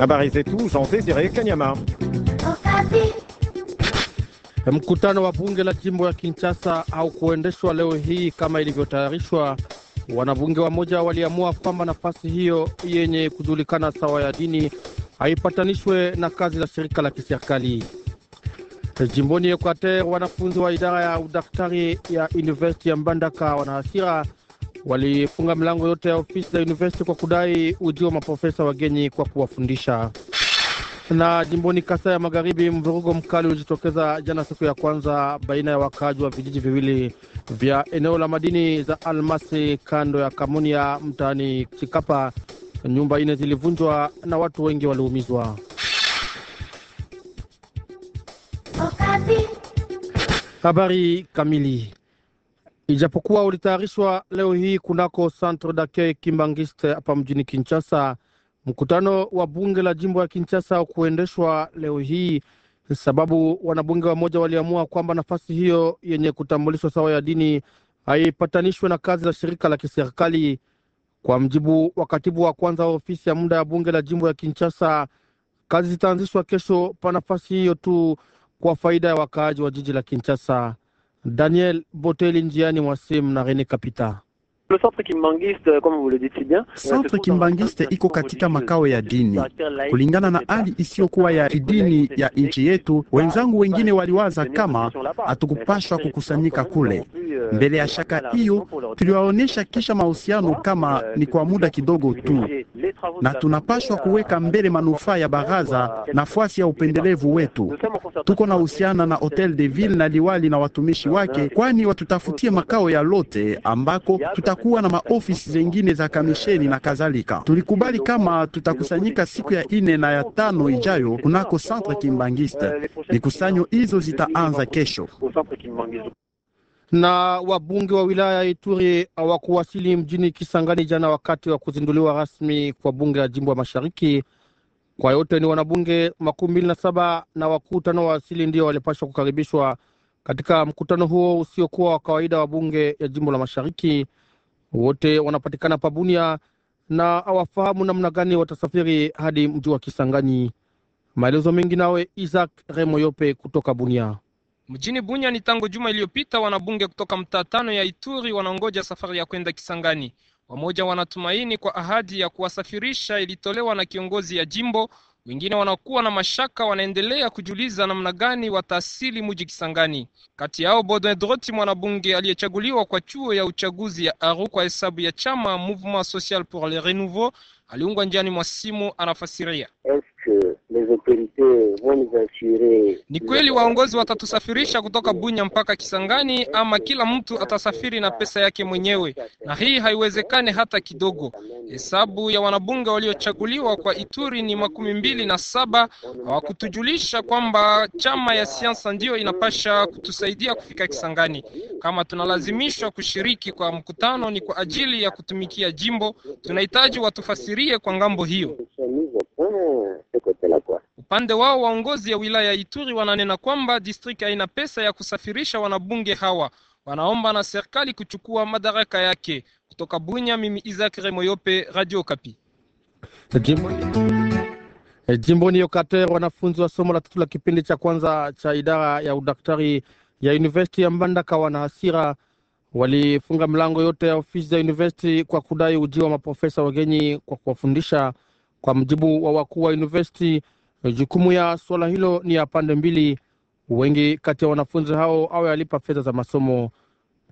Habari zetu Jean Desire Kanyama. Mkutano wa bunge la jimbo ya Kinshasa haukuendeshwa leo hii kama ilivyotayarishwa. Wanabunge wamoja waliamua kwamba nafasi hiyo yenye kujulikana sawa ya dini haipatanishwe na kazi za shirika la kiserikali jimboni Equateur. Wanafunzi wa idara ya udaktari ya university ya Mbandaka wanahasira hasira walifunga milango yote ya ofisi za university kwa kudai ujio wa maprofesa wageni kwa kuwafundisha. Na jimboni Kasai ya Magharibi, mvurugo mkali ulijitokeza jana siku ya kwanza baina ya wakaaji wa vijiji viwili vya eneo la madini za almasi kando ya Kamonia mtaani Chikapa. Nyumba ine zilivunjwa na watu wengi waliumizwa. Habari kamili Ijapokuwa ulitayarishwa leo hii kunako Centre d'accueil Kimbangiste hapa mjini Kinshasa, mkutano wa bunge la jimbo ya Kinshasa kuendeshwa leo hii sababu wanabunge wamoja waliamua kwamba nafasi hiyo yenye kutambulishwa sawa ya dini haipatanishwe na kazi za shirika la kiserikali. Kwa mjibu wa katibu wa kwanza wa ofisi ya muda ya bunge la jimbo ya Kinshasa, kazi zitaanzishwa kesho pa nafasi hiyo tu kwa faida ya wakaaji wa jiji la Kinshasa. Daniel Boteli njiani mwa simu na Rene Kapita. Centre Kimbangiste, euh, dites si bien, euh, Centre Kimbangiste iko katika makao ya dini kulingana na hali isiyokuwa ya kidini ya nchi yetu. Wenzangu wengine waliwaza kama hatukupashwa kukusanyika kule. Mbele ya euh, shaka hiyo, tuliwaonyesha kisha mahusiano kama ni kwa muda kidogo tu, na tunapashwa kuweka mbele manufaa ya baraza na fuasi ya upendelevu wetu. Tuko na uhusiana na Hotel de Ville na liwali na watumishi wake, kwani watutafutie makao ya lote ambako tuta kuwa na maofisi zengine za kamisheni na kadhalika. Tulikubali kama tutakusanyika siku ya ine na ya tano ijayo kunako Centre Kimbangiste. Mikusanyo hizo zitaanza kesho. Na wabunge wa wilaya ya Ituri hawakuwasili mjini Kisangani jana wakati wa kuzinduliwa rasmi kwa bunge la jimbo ya Mashariki. Kwa yote ni wanabunge makumi mbili na saba na wakuu tano wa asili ndio walipashwa kukaribishwa katika mkutano huo usiokuwa wa kawaida wa bunge ya jimbo la Mashariki. Wote wanapatikana Pabunia na awafahamu namna gani watasafiri hadi mji wa Kisangani. Maelezo mengi nawe Isaac Remoyope kutoka Bunia. Mjini Bunia ni tangu juma iliyopita wanabunge kutoka mtaa tano ya Ituri wanaongoja safari ya kwenda Kisangani. Wamoja wanatumaini kwa ahadi ya kuwasafirisha ilitolewa na kiongozi ya jimbo wengine wanakuwa na mashaka, wanaendelea kujiuliza namna gani wataasili muji Kisangani. Kati yao Bodwin Droti, mwanabunge aliyechaguliwa kwa chuo ya uchaguzi ya Aru kwa hesabu ya chama Mouvement Social pour le Renouveau aliungwa njiani mwa simu anafasiria. Ni kweli waongozi watatusafirisha kutoka Bunya mpaka Kisangani, ama kila mtu atasafiri na pesa yake mwenyewe, na hii haiwezekani hata kidogo. Hesabu ya wanabunge waliochaguliwa kwa Ituri ni makumi mbili na saba. Hawakutujulisha kwamba chama ya siasa ndiyo inapasha kutusaidia kufika Kisangani. Kama tunalazimishwa kushiriki kwa mkutano, ni kwa ajili ya kutumikia jimbo. Tunahitaji watufasiri kufikiria kwa ngambo hiyo. Upande wao waongozi ya wilaya ya Ituri wananena kwamba district haina pesa ya kusafirisha wanabunge hawa, wanaomba na serikali kuchukua madaraka yake. Kutoka Bunya, mimi Isaac Remoyope, Radio Kapi. Jimboni Yokater, eh, wanafunzi wa somo la tatu la kipindi cha kwanza cha idara ya udaktari ya university ya Mbandaka wana hasira walifunga mlango yote ya ofisi za university kwa kudai ujio wa maprofesa wagenyi kwa kuwafundisha. Kwa mjibu wa wakuu wa university, jukumu ya suala hilo ni ya pande mbili. Wengi kati ya wanafunzi hao awe alipa fedha za masomo.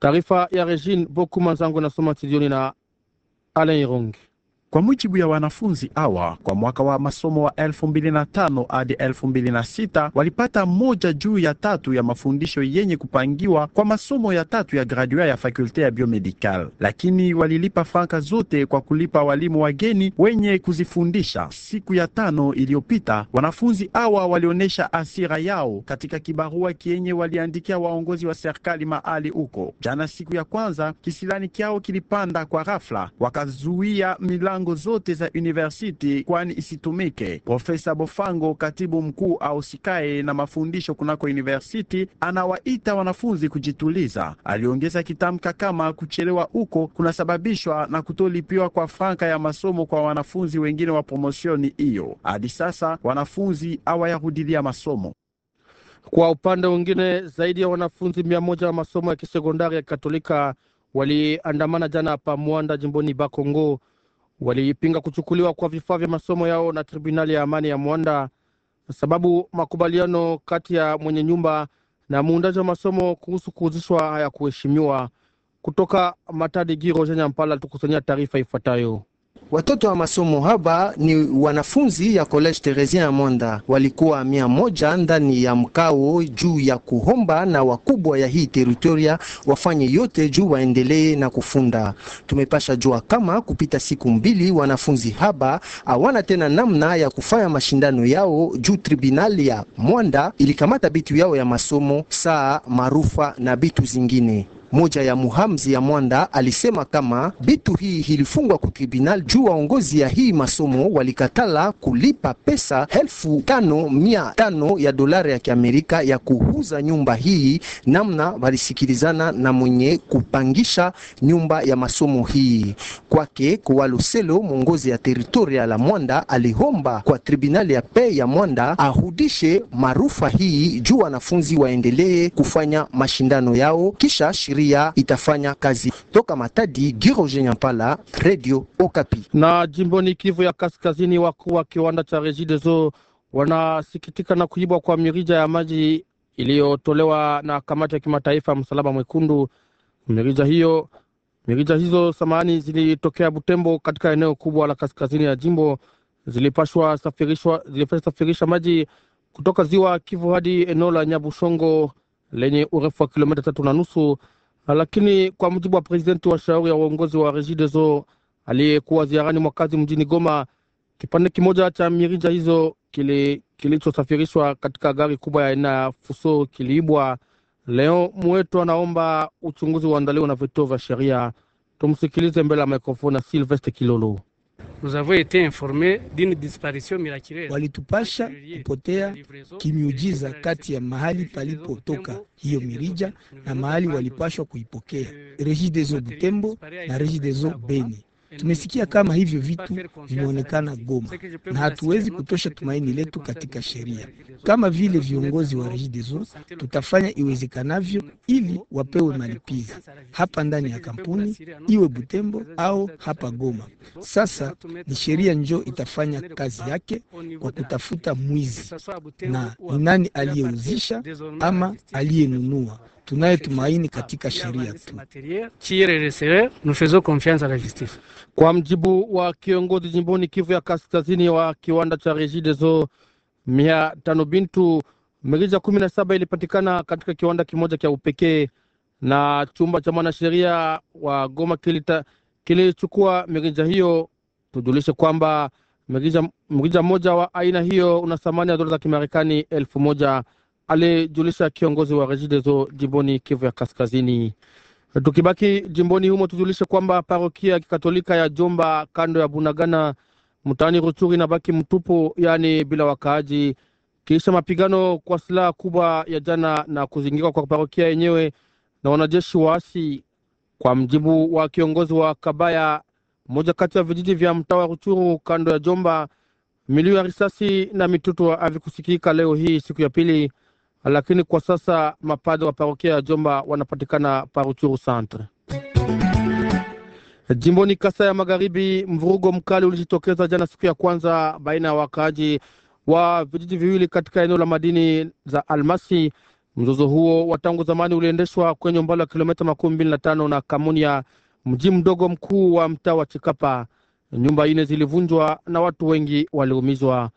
Taarifa ya Regine Bokuma Zangu inasoma studioni na Alain Irungi. Kwa mujibu ya wanafunzi awa kwa mwaka wa masomo wa 2005 hadi 2006 walipata moja juu ya tatu ya mafundisho yenye kupangiwa kwa masomo ya tatu ya gradua ya fakulte ya biomedical, lakini walilipa franka zote kwa kulipa walimu wageni wenye kuzifundisha. Siku ya tano iliyopita, wanafunzi awa walionyesha asira yao katika kibarua kienye waliandikia waongozi wa serikali mahali huko. Jana siku ya kwanza, kisilani kyao kilipanda kwa ghafla, wakazuia milango mipango zote za university kwani isitumike. Profesa Bofango, katibu mkuu ausikae na mafundisho kunako university, anawaita wanafunzi kujituliza. Aliongeza kitamka kama kuchelewa uko kunasababishwa na kutolipiwa kwa franka ya masomo kwa wanafunzi wengine wa promosioni hiyo. Hadi sasa wanafunzi hawayahudilia masomo. Kwa upande mwingine, zaidi ya wanafunzi mia moja wa masomo ya kisekondari ya kikatolika waliandamana jana hapa Mwanda, jimboni Bakongo waliipinga kuchukuliwa kwa vifaa vya masomo yao na tribunali ya amani ya Mwanda, sababu makubaliano kati ya mwenye nyumba na muundaji wa masomo kuhusu kuuzishwa kuheshimiwa Kutoka Matadi, Giro Jenya Mpala tukusanyia taarifa ifuatayo. Watoto wa masomo haba ni wanafunzi ya College Theresien mwanda walikuwa mia moja ndani ya mkao juu ya kuhomba na wakubwa ya hii teritoria wafanye yote juu waendelee na kufunda. Tumepasha jua kama kupita siku mbili wanafunzi haba hawana tena namna ya kufanya mashindano yao juu tribunali ya Mwanda ilikamata bitu yao ya masomo, saa marufa na bitu zingine moja ya Muhamzi ya Mwanda alisema kama bitu hii ilifungwa ku tribunal juu waongozi ya hii masomo walikatala kulipa pesa elfu tano mia tano ya dolari ya Kiamerika ya kuhuza nyumba hii, namna walisikilizana na mwenye kupangisha nyumba ya masomo hii kwake. Kuwaluselo, mwongozi ya teritoria la Mwanda alihomba kwa tribunali ya pe ya Mwanda ahudishe marufa hii juu wanafunzi waendelee kufanya mashindano yao kisha shiri sheria itafanya kazi. Toka Matadi, Giroje Nyampala, Radio Okapi. Na jimboni Kivu ya Kaskazini, wakuu wa kiwanda cha Regideso wanasikitika na kuibwa kwa mirija ya maji iliyotolewa na kamati ya kimataifa ya msalaba mwekundu. Mirija hiyo mirija hizo samani zilitokea Butembo katika eneo kubwa la kaskazini ya jimbo, zilipashwa safirishwa zilipashwa safirisha maji kutoka ziwa Kivu hadi eneo la Nyabushongo lenye urefu wa kilomita tatu na nusu Ah, lakini kwa mujibu wa presidenti wa shauri ya uongozi wa Regideso aliyekuwa ziarani mwakazi mjini Goma, kipande kimoja cha mirija hizo kilichosafirishwa katika gari kubwa ya aina ya fuso kiliibwa. Leo Mwetu anaomba uchunguzi uandaliwe na vituo vya sheria. Tumsikilize mbele ya mikrofoni ya Silvestre Kilolo. Walitupasha kupotea kimiujiza kati ya mahali palipotoka hiyo mirija na mahali walipashwa kuipokea Regideso Butembo na Regideso Beni. Tumesikia kama hivyo vitu vimeonekana Goma, na hatuwezi kutosha tumaini letu katika sheria. Kama vile viongozi wa REGIDESO, tutafanya iwezekanavyo ili wapewe malipizi hapa ndani ya kampuni, iwe Butembo au hapa Goma. Sasa ni sheria njoo itafanya kazi yake kwa kutafuta mwizi na ni nani aliyeuzisha ama aliyenunua tunaye tumaini katika sheria tu. Kwa mjibu wa kiongozi jimboni Kivu ya Kaskazini wa kiwanda cha Regideso, mia tano bintu mirija kumi na saba ilipatikana katika kiwanda kimoja cha upekee na chumba cha mwanasheria wa Goma kilichukua mirija hiyo. Tujulishe kwamba mrija mmoja wa aina hiyo una thamani ya dola za Kimarekani elfu moja alijulisha kiongozi wa Regideso jimboni Kivu ya Kaskazini. Tukibaki jimboni humo, tujulishe kwamba parokia ya kikatolika ya Jomba kando ya Bunagana mtaani Ruchuri inabaki mtupu, yaani bila wakaaji, kisha mapigano kwa silaha kubwa ya jana na kuzingirwa kwa parokia yenyewe na wanajeshi waasi. Kwa mjibu wa kiongozi wa Kabaya, moja kati ya vijiji vya mtaa wa Ruchuru kando ya Jomba, milio ya risasi na mitutu havikusikika leo hii siku ya pili lakini kwa sasa mapadri wa parokia ya Jomba wanapatikana Paruchuru centre. Jimboni kasa ya Magharibi, mvurugo mkali ulijitokeza jana siku ya kwanza baina ya wakaaji wa vijiji viwili katika eneo la madini za almasi. Mzozo huo wa tangu zamani uliendeshwa kwenye umbali wa kilometa makumi mbili na tano na Kamunia, mji mdogo mkuu wa mtaa wa Chikapa. Nyumba ine zilivunjwa na watu wengi waliumizwa.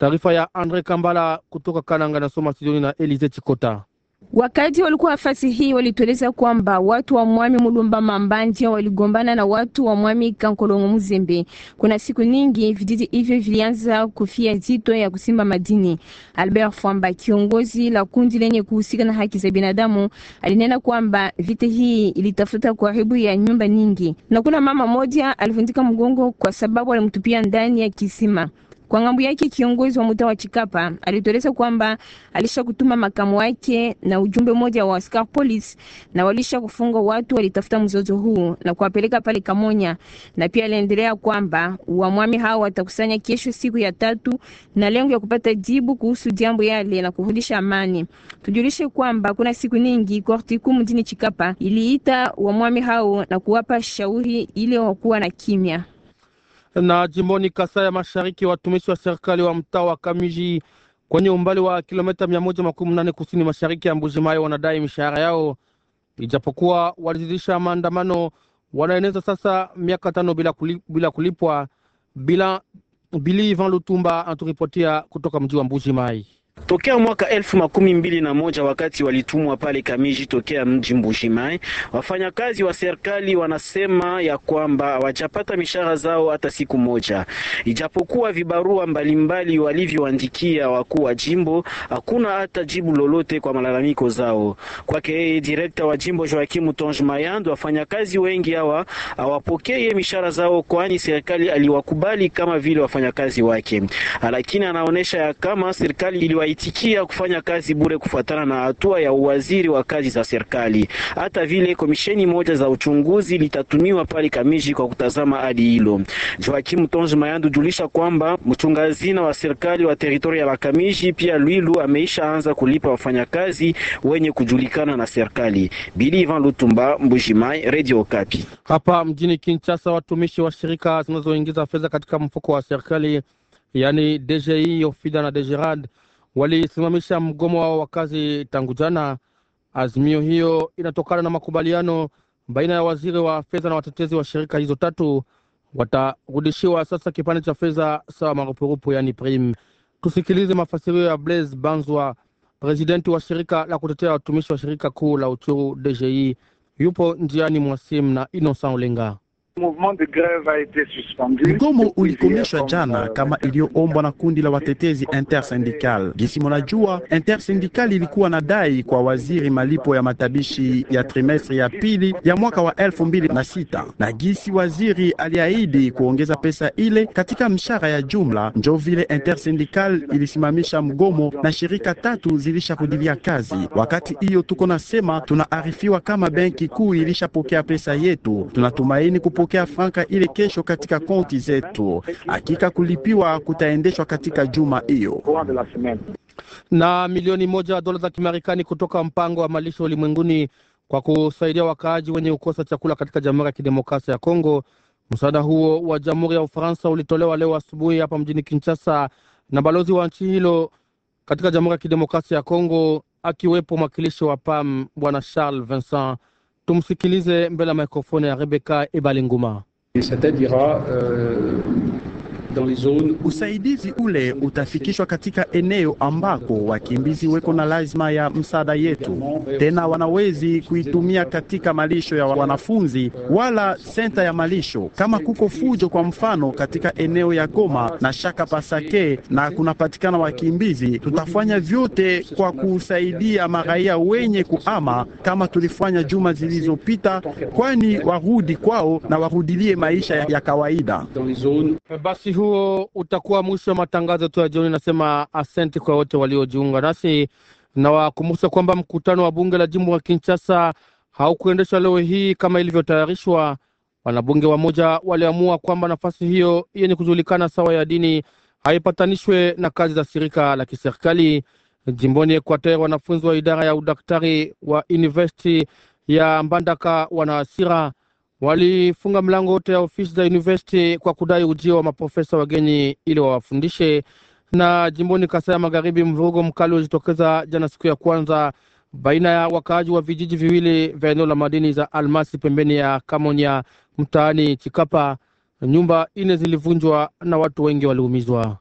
Taarifa ya Andre Kambala kutoka Kananga, soma studioni na Elize Chikota. Wakati walikuwa nafasi hii walitueleza kwamba watu wa mwami Mulumba Mambanja waligombana na watu wa mwami Kankolongo Muzembe. Kuna siku nyingi vijiji hivyo vilianza kufia zito ya kusimba madini. Albert Fwamba, kiongozi la kundi lenye kuhusika na haki za binadamu, alinena kwamba vita hii ilitafuta kuharibu ya nyumba nyingi, na kuna mama moja alivunjika mgongo kwa sababu alimtupia ndani ya kisima. Kwa ngambo yake, kiongozi wa mtaa wa Chikapa alitueleza kwamba alisha kutuma makamu wake na ujumbe mmoja wa askari polisi na walisha kufunga watu walitafuta mzozo huu na kuwapeleka pale Kamonya, na pia aliendelea kwamba wamwami hao watakusanya kesho siku ya tatu na lengo ya kupata jibu kuhusu jambo yale na kurudisha amani. Tujulishe kwamba kuna siku nyingi korti kuu mjini Chikapa iliita wamwami hao na kuwapa shauri ile wakuwa na kimya na jimboni Kasai ya Mashariki, watumishi wa serikali wa mtaa wa Kamiji kwenye umbali wa kilomita 118 kusini mashariki ya Mbujimayo wanadai mishahara yao, ijapokuwa walizidisha maandamano. Wanaeneza sasa miaka tano bila, kulip, bila kulipwa bila. Bili Ivan Lutumba anaturipotia kutoka mji wa Mbujimayi. Tokea mwaka elfu makumi mbili na moja wakati walitumwa pale Kamiji tokea mji Mbujimayi, wafanyakazi wa serikali wanasema ya kwamba hawajapata mishahara zao hata siku moja, ijapokuwa vibarua mbalimbali walivyoandikia wakuu wa jimbo, hakuna hata jibu lolote kwa malalamiko zao. Kwake yeye direkta wa jimbo Joakim Tonge Mayand, wafanyakazi wengi hawa hawapokee mishahara zao, kwani serikali aliwakubali kama vile wafanyakazi wake, lakini anaonesha ya kama serikali ili iliwaitikia kufanya kazi bure kufuatana na hatua ya uwaziri wa kazi za serikali. Hata vile komisheni moja za uchunguzi litatumiwa pale Kamishi kwa kutazama hadi hilo. Joachim Tonzi Mayandu julisha kwamba mchunga hazina wa serikali wa teritori ya Kamishi pia Lwilu ameishaanza kulipa wafanyakazi wenye kujulikana na serikali. Bili Ivan Lutumba, Mbujimai, Radio Okapi. Hapa mjini Kinshasa, watumishi wa shirika zinazoingiza fedha katika mfuko wa serikali, yaani DGI, Ofida na DGRAD walisimamisha mgomo wao wa kazi tangu jana. Azimio hiyo inatokana na makubaliano baina ya waziri wa fedha na watetezi wa shirika hizo tatu. Watarudishiwa sasa kipande cha fedha sawa marupurupu, yaani prim. Tusikilize mafasirio ya Blaise Banzwa, prezidenti wa shirika la kutetea watumishi wa shirika kuu la uchuru DGI, yupo njiani mwa simu na Innocent Olenga. Mgomo ulikomeshwa jana euh, kama iliyoombwa na kundi la watetezi intersyndical. Gisi jua intersyndical ilikuwa na dai kwa waziri malipo ya matabishi ya trimestri ya pili ya mwaka wa elfu mbili na sita na gisi waziri aliahidi kuongeza pesa ile katika mshahara ya jumla, njo vile intersyndical ilisimamisha mgomo na shirika tatu zilishakudilia kazi. Wakati hiyo tuko nasema, tunaarifiwa kama benki kuu ilishapokea pesa yetu, tunatumaini kupokea franka ile kesho katika konti zetu. Hakika kulipiwa kutaendeshwa katika juma hiyo na milioni moja ya dola za Kimarekani kutoka mpango wa malisho ulimwenguni kwa kusaidia wakaaji wenye ukosa chakula katika Jamhuri ya Kidemokrasia ya Kongo. Msaada huo wa Jamhuri ya Ufaransa ulitolewa leo asubuhi hapa mjini Kinshasa na balozi wa nchi hilo katika Jamhuri ya Kidemokrasia ya Kongo, akiwepo mwakilishi wa PAM Bwana Charles Vincent Tumsikilize mbele ya mikrofoni ya Rebeka Ebalinguma. Usaidizi ule utafikishwa katika eneo ambako wakimbizi weko na lazima ya msaada yetu, tena wanawezi kuitumia katika malisho ya wanafunzi wala senta ya malisho. Kama kuko fujo, kwa mfano katika eneo ya Goma na Shaka Pasake na kunapatikana wakimbizi, tutafanya vyote kwa kusaidia maraia wenye kuama kama tulifanya juma zilizopita, kwani warudi kwao na warudilie maisha ya kawaida huo utakuwa mwisho wa matangazo tu ya jioni. Nasema asante kwa wote waliojiunga nasi na wakumbusha kwamba mkutano wa bunge la jimbo la Kinshasa haukuendeshwa leo hii kama ilivyotayarishwa. Wanabunge wamoja waliamua kwamba nafasi hiyo yenye kujulikana sawa ya dini haipatanishwe na kazi za shirika la kiserikali jimboni Equateur. Wanafunzi wa idara ya udaktari wa university ya Mbandaka wana hasira walifunga mlango wote ya ofisi za university kwa kudai ujio wa maprofesa wageni ili wawafundishe. Na jimboni Kasai ya Magharibi, mvurugo mkali ulijitokeza jana siku ya kwanza baina ya wakaaji wa vijiji viwili vya eneo la madini za almasi pembeni ya Kamonya mtaani Chikapa. Nyumba ine zilivunjwa na watu wengi waliumizwa.